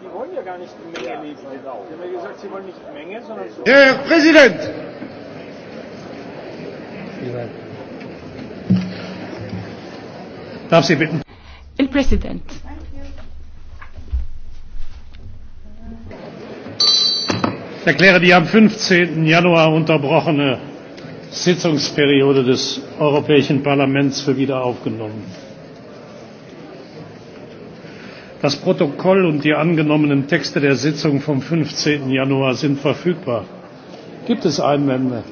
die wollen ja, gar nicht die Menge Sie haben ja gesagt, sie wollen nicht Menge, sondern... Herr Präsident! Darf Sie bitten? Herr Präsident! Ich erkläre die am 15. Januar unterbrochene Sitzungsperiode des Europäischen Parlaments für wieder aufgenommen. Das Protokoll und die angenommenen Texte der Sitzung vom 15. Januar sind verfügbar. Gibt es Einwände?